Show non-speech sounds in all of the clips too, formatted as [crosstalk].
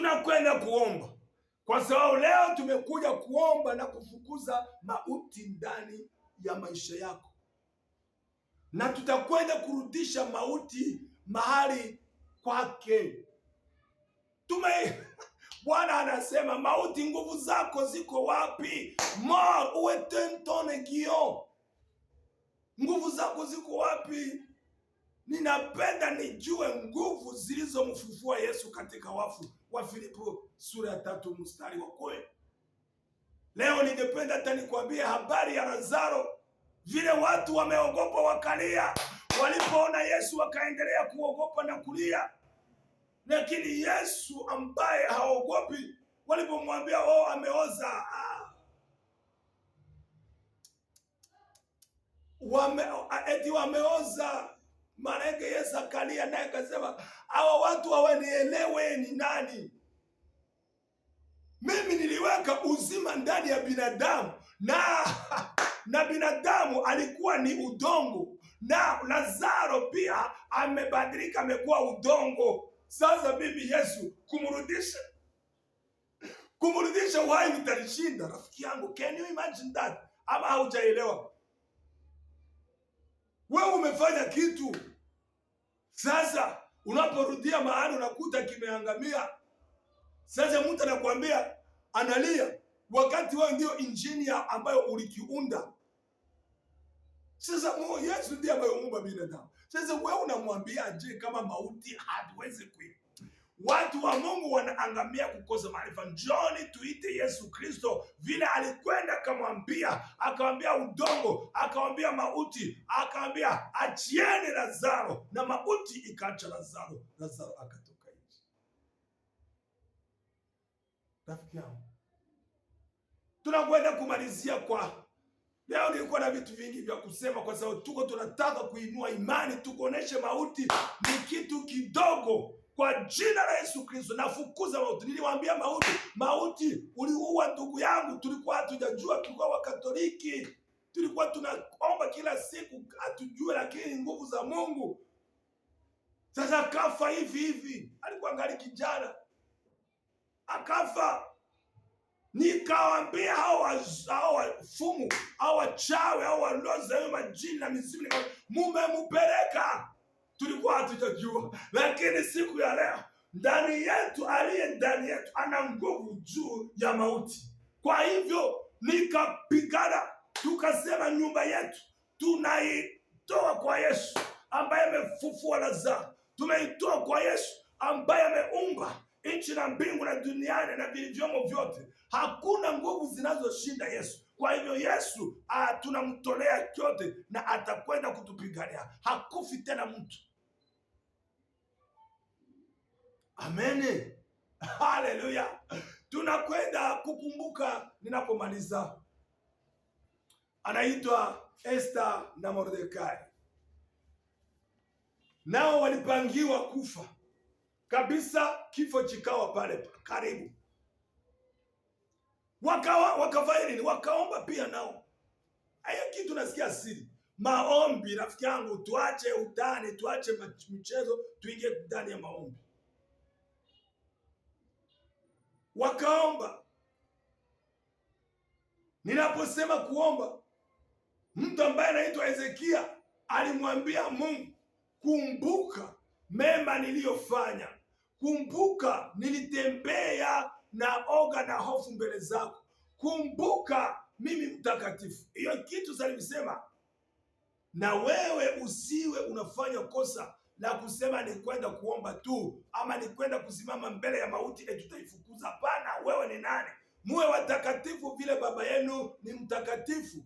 tunakwenda kuomba, kwa sababu leo tumekuja kuomba na kufukuza mauti ndani ya maisha yako, na tutakwenda kurudisha mauti mahali kwake. Tume [laughs] Bwana anasema mauti, nguvu zako ziko wapi? Mort, où est Nguvu zako ziko wapi? Ninapenda nijue nguvu zilizomfufua Yesu katika wafu wa Filipo sura ya tatu mstari wa kumi. Leo ningependa hata nikwambie habari ya Lazaro, vile watu wameogopa wakalia, walipoona Yesu wakaendelea kuogopa na kulia, lakini Yesu ambaye haogopi walipomwambia oh, ameoza wame, eti wameoza maana yake Zakaria naye akasema hawa watu hawanielewe ni nani. Mimi niliweka uzima ndani ya binadamu na [laughs] na binadamu alikuwa ni udongo, na Lazaro pia amebadilika, amekuwa udongo. Sasa bibi Yesu kumrudisha kumrudisha uhai vitalishinda. Rafiki yangu, can you imagine that? Ama haujaelewa? Wewe umefanya kitu, sasa unaporudia mahali unakuta kimeangamia. Sasa mtu anakuambia analia, wakati wewe ndio injinia ambayo ulikiunda. Sasa Yesu ndiye ambaye uumba binadamu. Sasa wewe unamwambia je, kama mauti hatuwezi kuipa Watu wa Mungu wanaangamia kukosa maarifa. Njoni tuite Yesu Kristo vile alikwenda, akamwambia, akawambia udongo, akawambia mauti, akamwambia achieni Lazaro, na mauti ikaacha Lazaro. Lazaro akatoka nje. Rafiki yangu, tunakwenda kumalizia kwa leo. Nilikuwa na vitu vingi vya kusema, kwa sababu tuko tunataka kuinua imani, tukuoneshe mauti ni kitu kidogo kwa jina la Yesu Kristo nafukuza mauti. Niliwaambia mauti, mauti uliua ndugu yangu. Tulikuwa hatujajua, tulikuwa Wakatoliki, tulikuwa tunaomba kila siku hatujue, lakini nguvu za Mungu. Sasa kafa hivi hivi, alikuwa ngali kijana akafa. Nikawaambia hao hao wafumu hao wachawi hao waloza majini na mizimu, mumemupeleka tulikuwa hatujajua, lakini siku ya leo ndani yetu, aliye ndani yetu ana nguvu juu ya mauti. Kwa hivyo nikapigana, tukasema nyumba yetu tunaitoa kwa Yesu ambaye amefufua Lazaro, tumeitoa kwa Yesu ambaye ameumba nchi na mbingu na duniani na vilivyomo vyote. Hakuna nguvu zinazoshinda Yesu. Kwa hivyo Yesu ah, tunamtolea chote na atakwenda kutupigania. Hakufi tena mtu Amen. haleluya. Tunakwenda kukumbuka ninapomaliza, anaitwa Esta na Mordekai, nao walipangiwa kufa kabisa, kifo chikawa pale karibu. Wakawa, wakafanya nini? Wakaomba pia nao. Hayo kitu nasikia siri maombi. Rafiki yangu, tuache utani, tuache mchezo, tuingie ndani ya maombi. wakaomba. Ninaposema kuomba, mtu ambaye anaitwa Hezekia alimwambia Mungu, kumbuka mema niliyofanya, kumbuka nilitembea na oga na hofu mbele zako, kumbuka mimi mtakatifu. Hiyo kitu salimisema, na wewe usiwe unafanya kosa la kusema ni kwenda kuomba tu ama ni kwenda kusimama mbele ya mauti na tutaifukuza. Hapana, wewe ni nani? Muwe watakatifu vile baba yenu ni mtakatifu.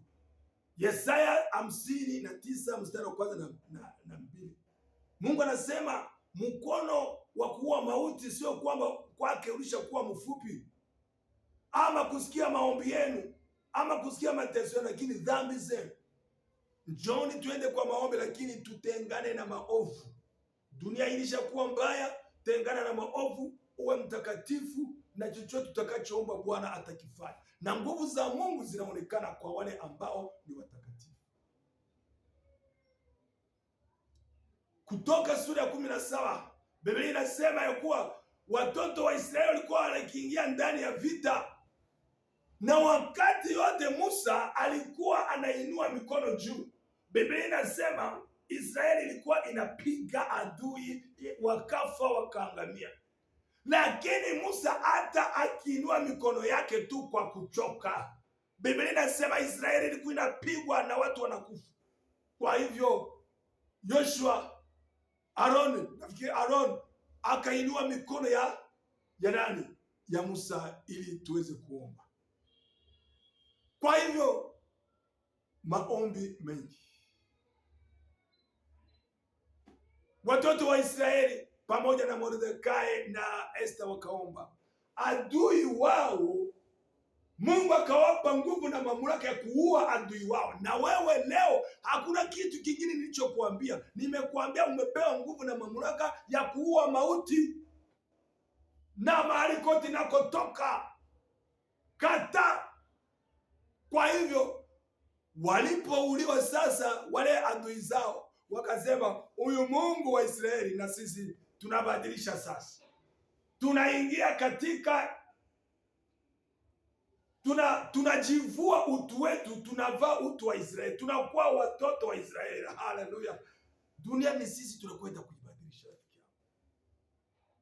Yesaya hamsini na tisa mstari wa kwanza na, na, na mbili. Mungu anasema mkono wa kuua mauti sio kwamba kwake ulishakuwa mfupi ama kusikia maombi yenu ama kusikia mateso yenu, lakini dhambi zenu. Njoni tuende kwa maombi, lakini tutengane na maovu. Dunia ilishakuwa mbaya, tengana na maovu, uwe mtakatifu, na chochote tutakachoomba Bwana atakifanya, na nguvu za Mungu zinaonekana kwa wale ambao ni watakatifu. Kutoka sura ya kumi na saba Biblia inasema ya kuwa watoto wa Israeli walikuwa wanakiingia ndani ya vita, na wakati yote Musa alikuwa anainua mikono juu. Biblia inasema Israeli ilikuwa inapiga adui, wakafa wakaangamia. Lakini Musa hata akiinua mikono yake tu kwa kuchoka, Biblia inasema Israeli ilikuwa inapigwa na watu wanakufa. Kwa hivyo Yoshua, Aaron, nafikiri Aaron akainua mikono ya ya nani? Ya Musa ili tuweze kuomba. Kwa hivyo maombi mengi Watoto wa Israeli pamoja na Mordekai na Esther wakaomba, adui wao Mungu akawapa nguvu na mamlaka ya kuua adui wao. Na wewe leo, hakuna kitu kingine nilichokuambia, nimekuambia umepewa nguvu na mamlaka ya kuua mauti na mahali kote nakotoka kata. Kwa hivyo walipouliwa sasa wale adui zao wakasema huyu Mungu wa Israeli, na sisi tunabadilisha sasa, tunaingia katika tuna tunajivua utu wetu, tunavaa utu wa Israeli, tunakuwa watoto wa Israeli. Haleluya! dunia ni sisi tunakwenda kujibadilisha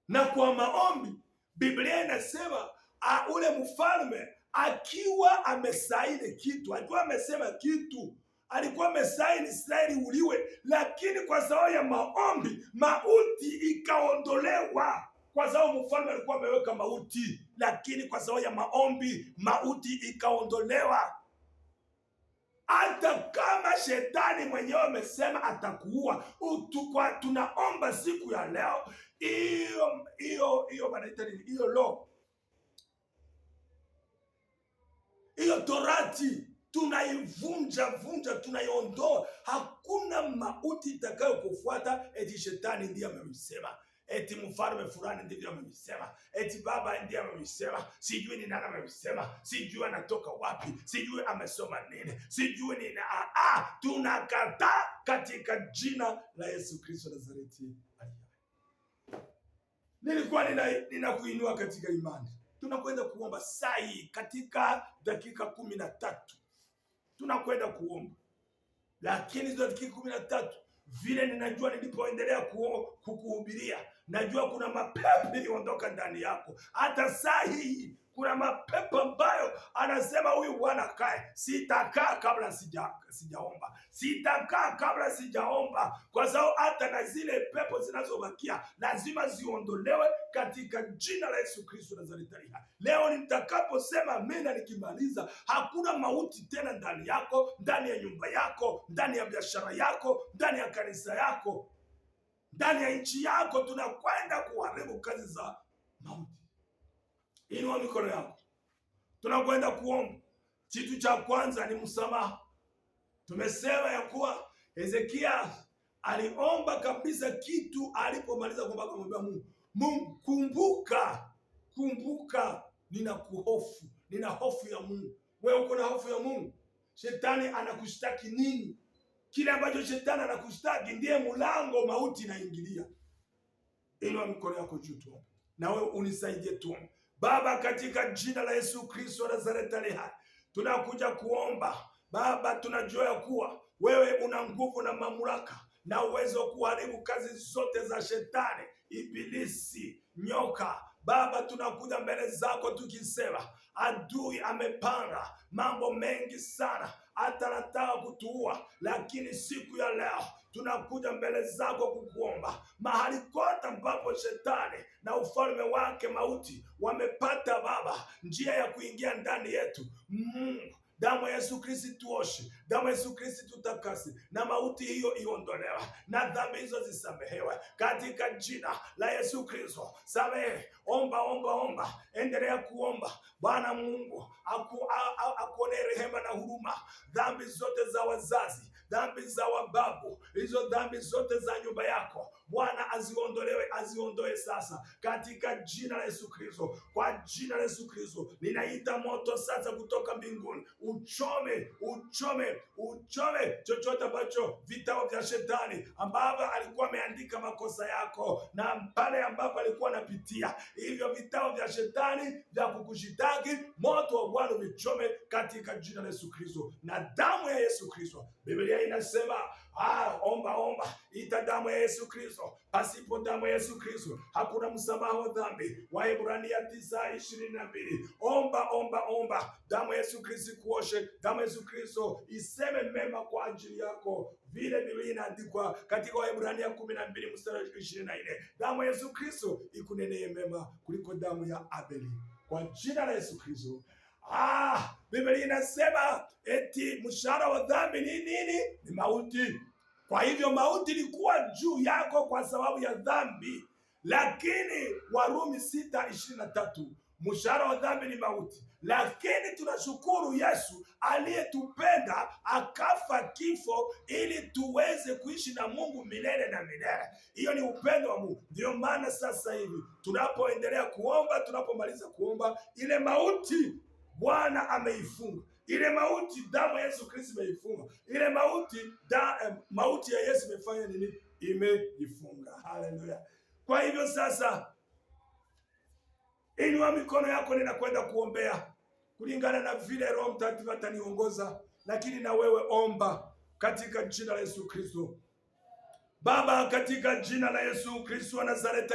na kwa maombi. Biblia inasema ule mfalme akiwa amesaini kitu, akiwa amesema kitu alikuwa amesaini Israeli uliwe, lakini kwa sababu ya maombi mauti ikaondolewa. Kwa sababu mfalme alikuwa ameweka mauti, lakini kwa sababu ya maombi mauti ikaondolewa. Hata kama shetani mwenyewe amesema atakuua, utukwa tunaomba siku ya leo, hiyo hiyo hiyo wanaita nini? Hiyo lo, hiyo torati tunaivunja vunja, tunaiondoa. Hakuna mauti kufuata eti shetani ndiye amemsema, eti mfalme fulani ndivyo amemsema, eti baba ndiye amemsema, sijui ni nani amemsema, sijui anatoka wapi, sijui amesoma nini, sijui ni na ah, ah, tunakataa katika jina la Yesu Kristo Nazareti. Nilikuwa ninakuinua nina katika imani, tunakwenda kuomba sai katika dakika kumi na tatu tunakwenda kuomba, lakini hizo dakika kumi na tatu vile ninajua nilipoendelea kukuhubiria, najua kuna mapepo iliondoka ndani yako hata saa hii kuna mapepo ambayo anasema huyu bwana kae, sitakaa kabla sija, sijaomba sitakaa kabla sijaomba, kwa sababu hata na zile pepo zinazobakia lazima ziondolewe katika jina la Yesu Kristo Nazareti hai. Leo nitakaposema amina nikimaliza, hakuna mauti tena ndani yako, ndani ya nyumba yako, ndani ya biashara yako, ndani ya kanisa yako, ndani ya nchi yako. Tunakwenda kuharibu kazi za mauti. Inua mikono yako, tunakwenda kuomba. Kitu cha kwanza ni msamaha. Tumesema ya kuwa Hezekia aliomba kabisa kitu alipomaliza kuomba, akamwambia Mungu, Mungu kumbuka, kumbuka, nina kuhofu, nina hofu ya Mungu. Wewe uko na hofu ya Mungu? Shetani anakushtaki nini? Kile ambacho shetani anakushtaki ndiye mlango mauti inaingilia. Inua mikono yako juu, tuombe na wewe unisaidie, tuombe. Baba, katika jina la Yesu Kristo wa Nazareti aliye hai, tunakuja kuomba Baba, tunajua ya kuwa wewe una nguvu na mamlaka na uwezo wa kuharibu kazi zote za shetani, ibilisi, nyoka. Baba, tunakuja mbele zako tukisema adui amepanga mambo mengi sana, hata anataka kutuua, lakini siku ya leo tunakuja mbele zako kukuomba mahali kote ambapo shetani na ufalme wake mauti wamepata Baba njia ya kuingia ndani yetu Mungu damu ya Yesu Kristo tuoshe, damu ya Yesu Kristo tutakasi, na mauti hiyo iondolewa, na dhambi hizo zisamehewe katika jina la Yesu Kristo. Samehe, omba, omba, omba, endelea kuomba. Bwana Mungu akuonee rehema na huruma, dhambi zote za wazazi dhambi za wababu, hizo dhambi zote za nyumba yako Bwana aziondolewe, aziondoe sasa katika jina la Yesu Kristo. Kwa jina la Yesu Kristo ninaita moto sasa kutoka mbinguni, uchome, uchome, uchome chochote ambacho vitabu vya shetani ambavyo alikuwa ameandika makosa yako na pale ambapo alikuwa anapitia, hivyo vitabu vya shetani vya kukushitaki, moto wa Bwana vichome katika jina la Yesu Kristo na damu ya Yesu Kristo. Biblia inasema Ah, omba omba, ita damu ya Yesu Kristo. Pasipo damu ya Yesu Kristo hakuna msamaha wa dhambi, Waebrania tisa ishirini na mbili. Omba omba omba, damu ya Yesu Kristo kuoshe, damu ya Yesu Kristo iseme mema kwa ajili yako, vile Biblia inaandikwa katika Waebrania kumi na mbili mstari ishirini na nne damu ya Yesu Kristo ikuneneye mema kuliko damu ya Abeli. Kwa jina la Yesu Kristo. Ah, Biblia inasema eti mshahara wa dhambi ni nini? Ni mauti. Kwa hivyo mauti ilikuwa juu yako kwa sababu ya dhambi, lakini Warumi sita ishirini na tatu mshahara wa dhambi ni mauti, lakini tunashukuru Yesu aliyetupenda akafa kifo ili tuweze kuishi na Mungu milele na milele. Hiyo ni upendo wa Mungu. Ndiyo maana sasa hivi tunapoendelea kuomba, tunapomaliza kuomba, ile mauti Bwana ameifunga ile mauti, damu ya Yesu Kristo imeifunga ile mauti da, eh, mauti ya Yesu imefanya nini? Imeifunga. Haleluya! Kwa hivyo sasa, inua mikono yako, ninakwenda kuombea kulingana na vile Roho Mtakatifu ataniongoza, lakini na wewe omba katika jina la Yesu Kristo. Baba, katika jina la Yesu Kristo wa Nazareti,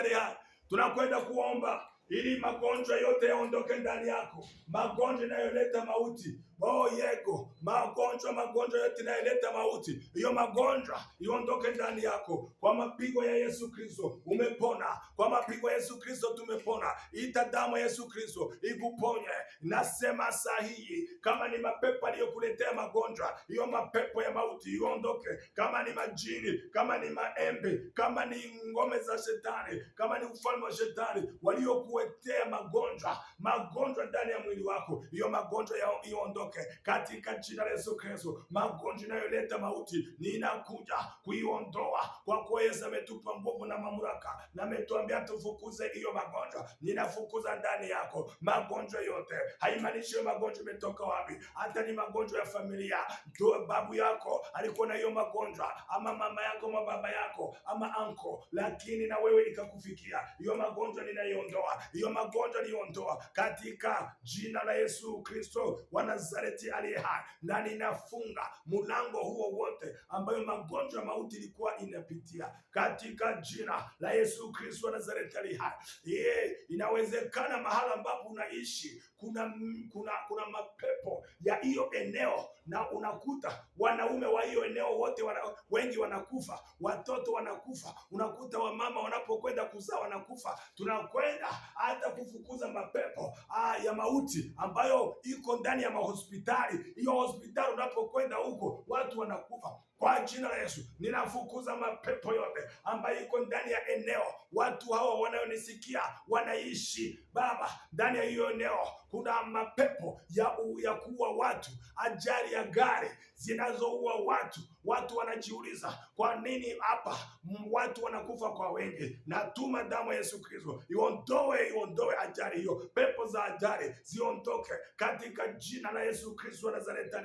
tunakwenda kuomba ili magonjwa yote yaondoke ndani yako, magonjwa yanayoleta mauti oh yego, magonjwa magonjwa yote yanayoleta mauti, hiyo magonjwa iondoke ndani yako kwa mapigo ya Yesu Kristo. Umepona kwa mapigo ya Yesu Kristo, tumepona. Ita damu ya Yesu Kristo ikuponye. Nasema sahihi, kama ni mapepo aliyokuletea magonjwa, hiyo mapepo ya mauti iondoke. Kama ni majini, kama ni maembe, kama ni ngome za shetani, kama ni ufalme wa shetani walioku inayokuletea magonjwa, magonjwa ndani ya mwili wako, hiyo magonjwa iondoke katika jina la Yesu Kristo. Magonjwa inayoleta mauti ninakuja kuiondoa kwa kuwa Yesu ametupa nguvu na mamlaka, na ametuambia tufukuze hiyo magonjwa. Ninafukuza ndani yako magonjwa yote, haimaanishi hiyo magonjwa imetoka wapi, hata ni magonjwa ya familia. tu, babu yako alikuwa na hiyo magonjwa, ama mama yako, ama baba yako, ama anko, lakini na wewe ikakufikia hiyo magonjwa, ninaiondoa hiyo magonjwa liondoa katika jina la Yesu Kristo wa Nazareti aliye hai. na ninafunga mlango huo wote ambayo magonjwa mauti ilikuwa inapitia katika jina la Yesu Kristo wa Nazareti aliye hai. Ye, inawezekana mahala ambapo unaishi kuna, kuna, kuna mapepo ya hiyo eneo na unakuta wanaume wa hiyo eneo wote wana, wengi wanakufa, watoto wanakufa, unakuta wamama wanapokwenda kuzaa wanakufa, tunakwenda hata kufukuza mapepo ah, ya mauti ambayo iko ndani ya mahospitali. Hiyo hospitali unapokwenda huko watu wanakufa. Kwa jina la Yesu ninafukuza mapepo yote ambayo iko ndani ya eneo watu hawa wanayonisikia wanaishi Baba, ndani ya hiyo eneo kuna mapepo ya, u, ya kuua watu, ajali ya gari zinazoua watu. Watu wanajiuliza kwa nini hapa watu wanakufa kwa wengi. Natuma damu ya Yesu Kristo iondoe, iondoe ajali hiyo, pepo za ajali ziondoke katika jina la Yesu Kristo wa Nazareti.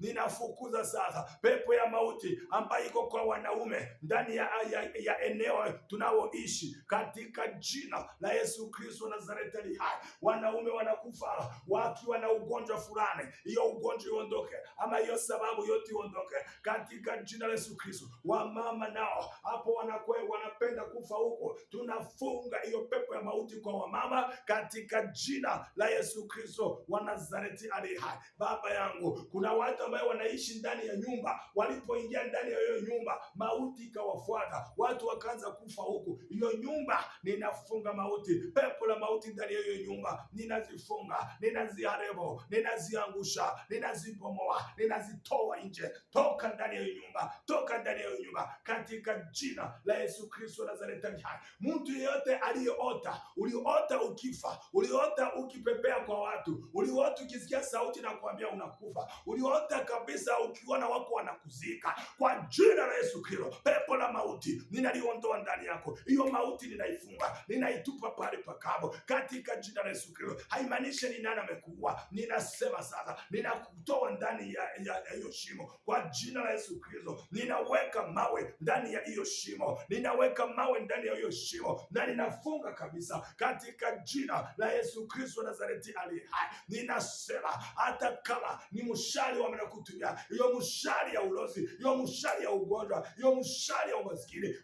Ninafukuza sasa pepo ya mauti ambayo iko kwa wanaume ndani ya, ya, ya eneo tunaoishi katika jina la Yesu Kristo wa Nazareti hospitali hai, wanaume wanakufa wakiwa na ugonjwa fulani, hiyo ugonjwa iondoke, ama hiyo sababu yote iondoke katika jina la Yesu Kristo. Wamama nao hapo wanakwe wanapenda kufa huko, tunafunga hiyo pepo ya mauti kwa wamama katika jina la Yesu Kristo wa Nazareti ali hai. Baba yangu, kuna watu ambao wanaishi ndani ya nyumba, walipoingia ndani ya hiyo nyumba mauti ikawafuata, watu wakaanza kufa huku. Hiyo nyumba ninafunga mauti, pepo la mauti ndani ya hiyo nyumba, ninazifunga, ninaziharibu, ninaziangusha, ninazibomoa, ninazitoa nje. Toka ndani ya hiyo nyumba, toka ndani ya hiyo nyumba, katika jina la Yesu Kristo Nazareti aliye hai. Mtu yeyote aliyeota, uliota ukifa, uliota ukipepea kwa watu, uliota ukisikia sauti na kuambia unakufa, uliota kabisa ukiona wako wanakuzika, kwa jina la Yesu Kristo, pepo la mauti ninaliondoa ndani yako. Hiyo mauti ninaifunga, ninaitupa pale pakabo katika jina la Yesu Kristo. Haimaanishi ni nani amekuua, ninasema sasa ninakutoa ndani ya hiyo shimo kwa jina la Yesu Kristo. Ninaweka mawe ndani ya hiyo shimo, ninaweka mawe ndani ya hiyo shimo na ninafunga kabisa katika jina la Yesu Kristo Nazareti ali hai. Ninasema hata kama ni mshari wamnakutumia hiyo mshari ya ulozi, hiyo mshari ya ugonjwa, hiyo mshari ya umaskini,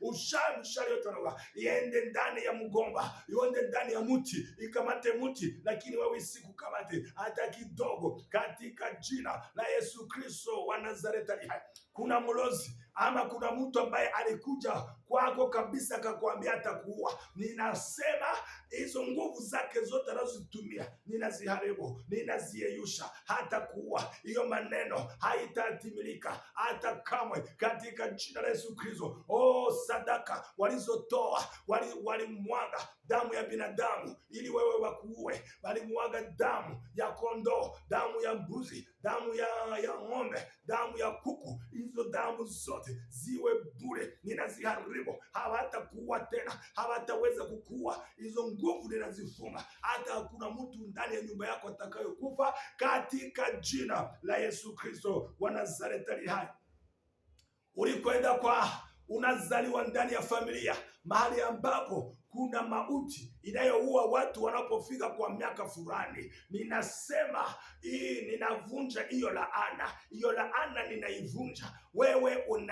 mshari yote iende ndani ya mgomba, iende ndani ya mti ikamate mti, lakini wewe sikukamate hata kidogo, katika jina la Yesu Kristo wa Nazareti. Kuna mlozi ama kuna mtu ambaye alikuja kwako kabisa, akakwambia atakuua. Ninasema hizo nguvu zake zote anazozitumia ninaziharibu, ninaziyeyusha, hata kuua. Hiyo maneno haitatimilika hata kamwe, katika jina la Yesu Kristo. Oh, sadaka walizotoa walimwaga wali damu ya binadamu ili wewe wakuue, walimwaga damu ya kondoo, damu ya mbuzi, damu ya, ya ng'ombe, damu ya kuku. Hizo damu zote ziwe bure, ninaziharibu ulivyo, hawatakuwa tena, hawataweza kukua. Hizo nguvu ninazifunga, hata hakuna mtu ndani ya nyumba yako atakayokufa katika jina la Yesu Kristo wa Nazareti ali hai. Ulikwenda kwa unazaliwa ndani ya familia mahali ambapo kuna mauti inayoua watu wanapofika kwa miaka fulani. Ninasema hii, ninavunja hiyo laana, hiyo laana ninaivunja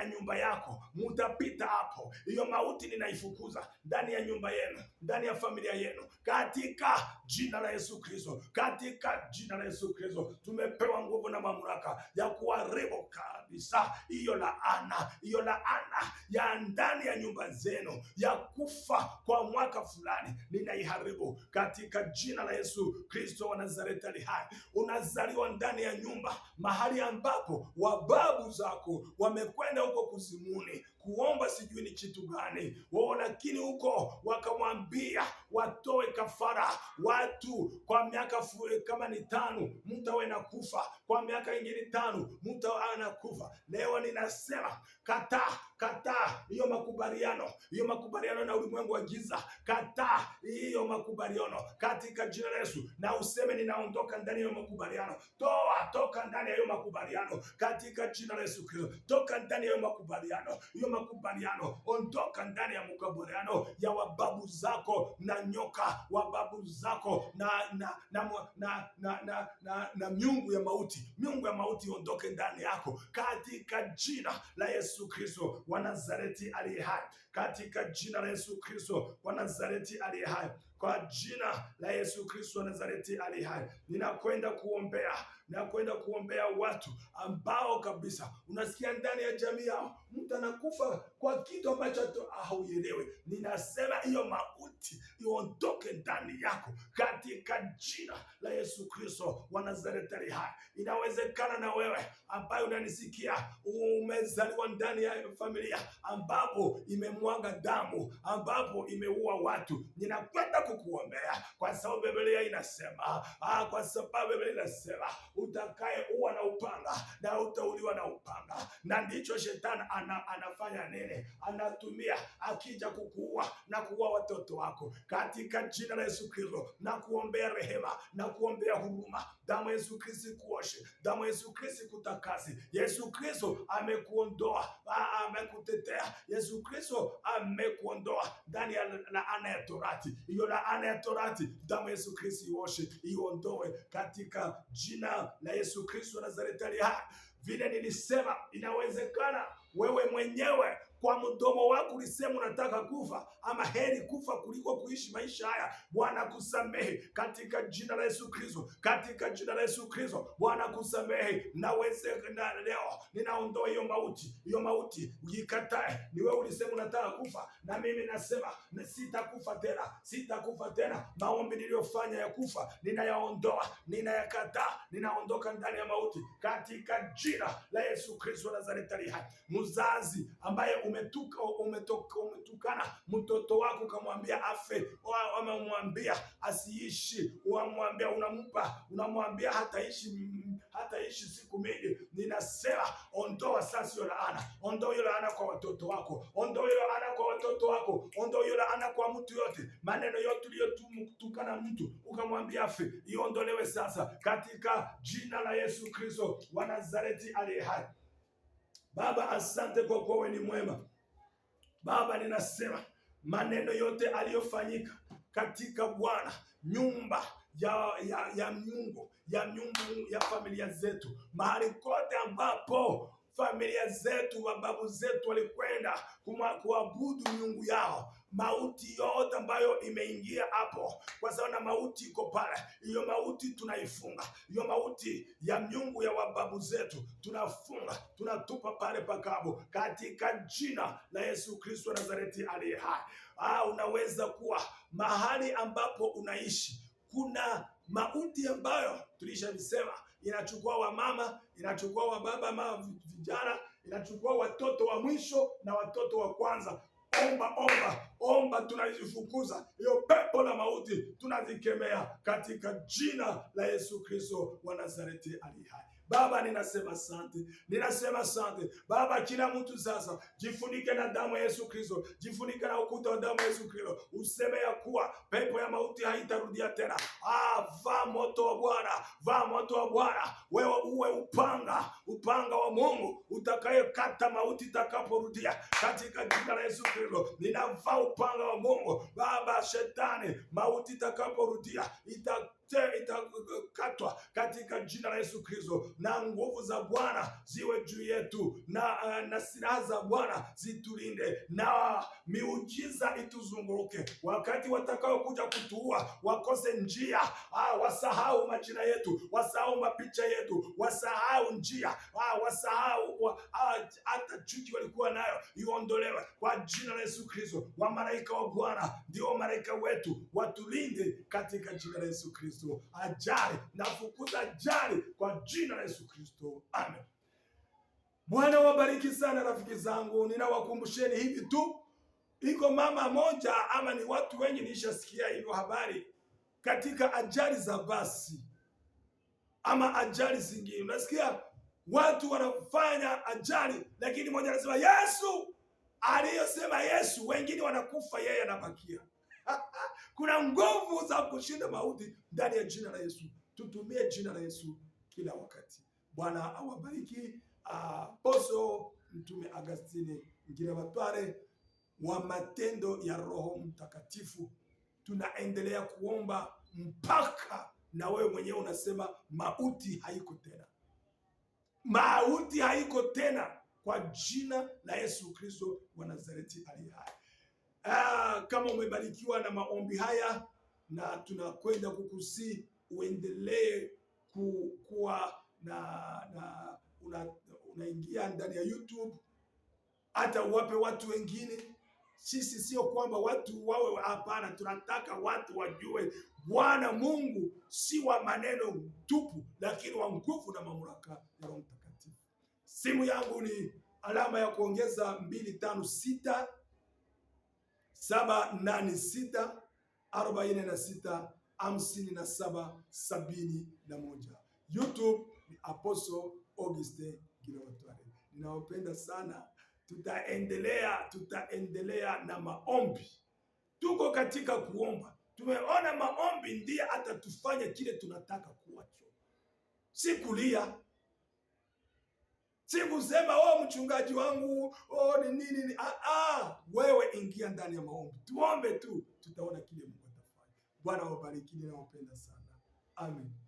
nyumba yako, mutapita hapo. Hiyo mauti ninaifukuza ndani ya nyumba yenu, ndani ya familia yenu, katika jina la Yesu Kristo, katika jina la Yesu Kristo. Tumepewa nguvu na mamlaka ya kuharibu kabisa hiyo laana, hiyo laana ya ndani ya nyumba zenu ya kufa kwa mwaka fulani, ninaiharibu katika jina la Yesu Kristo wa Nazareti ali hai. Unazaliwa ndani ya nyumba mahali ambapo wababu zako wamekwenda wako kuzimuni kuomba sijui ni kitu gani wao, lakini huko wakamwambia watoe kafara watu kwa miaka eh, kama ni tano mtu awe na kwa miaka ingine tano mtu awe anakufa. Leo ninasema kata kata hiyo makubaliano, hiyo makubaliano na ulimwengu wa giza, kata hiyo makubaliano katika jina la Yesu, na useme ninaondoka ndani ya makubaliano. Toa, toka ndani ya hiyo makubaliano katika jina la Yesu Kristo, toka ndani ya hiyo makubaliano hiyo makubaliano, ondoka ndani ya makubaliano ya wababu zako na nyoka, wababu zako na na na na, na, na, na, na miungu ya mauti. Miungu ya mauti ondoke ndani yako katika jina la Yesu Kristo wa Nazareti aliye hai, katika jina la Yesu Kristo wa Nazareti aliye hai kwa jina la Yesu Kristo wa Nazareti aliye hai, ninakwenda kuombea, ninakwenda kuombea watu ambao kabisa unasikia ndani ya jamii yao mtu anakufa kwa kitu ambacho hauelewe. Ninasema hiyo mauti iondoke ndani yako katika jina la Yesu Kristo wa Nazareti hai. Inawezekana na wewe ambaye unanisikia umezaliwa ndani ya familia ambapo imemwaga damu, ambapo imeua watu, ninakwenda kukuombea kwa sababu Biblia inasema ah, kwa sababu Biblia inasema uwa na upanga na utauliwa na upanga, na ndicho shetani ana anafanya nini? Anatumia akija kukuua na kuua watoto wako, katika jina la Yesu Kristo na kuombea rehema na kuombea huruma, damu Yesu Kristo kuoshe, damu Yesu Kristo kutakasi. Yesu Kristo amekuondoa, amekutetea. Yesu Kristo amekuondoa ndani ya laana ya torati, hiyo laana ya torati, damu Yesu Kristo ioshe, iondoe katika jina la Yesu Kristo Nazareti. Vile nilisema inawezekana wewe mwenyewe kwa mdomo wako ulisema unataka kufa, ama heri kufa kuliko kuishi maisha haya. Bwana kusamehe katika jina la Yesu Kristo, katika jina la Yesu Kristo. Bwana kusamehe naweze na leo ninaondoa hiyo mauti, hiyo mauti ikatae. Ni wewe ulisema unataka kufa, na mimi nasema sitakufa tena, sitakufa tena. Maombi niliyofanya ya kufa ninayaondoa, ninayakataa, ninaondoka ndani ya mauti katika jina la Yesu Kristo Nazareti. Mzazi ambaye ume umetuka umetoka umetukana mtoto wako ukamwambia afe, wamemwambia asiishi, wamwambia unampa unamwambia hataishi hataishi siku mingi. Ninasema ondoa sasa hiyo laana, ondoa hiyo laana kwa watoto wako, ondoa hiyo laana kwa watoto wako, ondoa hiyo laana kwa mtu yote, maneno yote uliyotukana mtu ukamwambia afe, iondolewe sasa katika jina la Yesu Kristo wa Nazareti aliye hai. Baba, asante kwa kuwa wewe ni mwema. Baba, ninasema maneno yote aliyofanyika katika Bwana nyumba ya ya ya miungu ya miungu ya familia zetu mahali kote ambapo familia zetu, mababu zetu walikwenda kuabudu miungu yao. Mauti yote ambayo imeingia hapo, kwa sababu na mauti iko pale. Hiyo mauti tunaifunga, hiyo mauti ya miungu ya wababu zetu tunafunga, tunatupa pale pakabu, katika jina la Yesu Kristo wa Nazareti aliye hai. Ah, unaweza kuwa mahali ambapo unaishi kuna mauti ambayo tulishavisema inachukua wamama, inachukua wa baba ma vijana, inachukua watoto wa mwisho na watoto wa kwanza. Omba, omba, omba, tunazifukuza hiyo pepo la mauti, tunazikemea katika jina la Yesu Kristo wa Nazareti ali hai. Baba, ninasema asante, ninasema asante Baba. Kila mtu sasa jifunike na damu ya Yesu Kristo, jifunike na ukuta wa damu ya Yesu Kristo, useme ya kuwa pepo ya mauti haitarudia tena. Ah, vaa moto wa Bwana, vaa moto wa Bwana, wewe uwe upanga, upanga wa Mungu utakayekata mauti takaporudia, katika jina la Yesu Kristo. Ninavaa upanga wa Mungu Baba, shetani mauti takaporudia itak itakatwa katika jina la Yesu Kristo, na nguvu za Bwana ziwe juu yetu na, uh, na silaha za Bwana zitulinde na miujiza ituzunguruke. Wakati watakaokuja kutuua wakose njia, ah, wasahau majina yetu, wasahau mapicha yetu, wasahau njia, ah, wasahau ah, hata ah, chuki walikuwa nayo iondolewe kwa jina la Yesu Kristo. Wamalaika wa Bwana ndio wamalaika wetu, watulinde katika jina la Yesu Kristo. Kristo, ajali nafukuza ajali kwa jina la Yesu Kristo, amen. Bwana wabariki sana rafiki zangu, ninawakumbusheni hivi tu, iko mama moja ama ni watu wengi, nishasikia hiyo habari katika ajali za basi ama ajali zingine, unasikia watu wanafanya ajali, lakini mmoja anasema Yesu aliyosema Yesu, wengine wanakufa, yeye anabakia. [laughs] Kuna nguvu za kushinda mauti ndani ya jina la Yesu. Tutumie jina la Yesu kila wakati. Bwana awabariki Aposo Mtume Agastini Ngirabatware wa matendo ya Roho Mtakatifu. Tunaendelea kuomba mpaka na wewe mwenyewe unasema mauti haiko tena, mauti haiko tena, kwa jina la Yesu Kristo wa Nazareti aliye hai. Ah, kama umebarikiwa na maombi haya, na tunakwenda kukusi uendelee ku, kuwa na, na unaingia una ndani ya YouTube hata uwape watu wengine. Sisi sio kwamba watu wawe, hapana. Tunataka watu wajue Bwana Mungu si wa maneno tupu, lakini wa nguvu na mamlaka ya Roho Mtakatifu. Simu yangu ni alama ya kuongeza mbili tano sita saba nane sita arobaini na sita hamsini na saba sabini na moja. YouTube ni Apostle Augustin Gilotwale. Ninawapenda sana, tutaendelea tutaendelea na maombi, tuko katika kuomba. Tumeona maombi ndiye atatufanya kile tunataka kuwacho, si kulia si kusema oh, mchungaji wangu oh, ni nini ni, ah, ah. Wewe ingia ndani ya maombi, tuombe tu, tutaona kile Mungu atafanya. Bwana wabariki, ninawapenda sana, amen.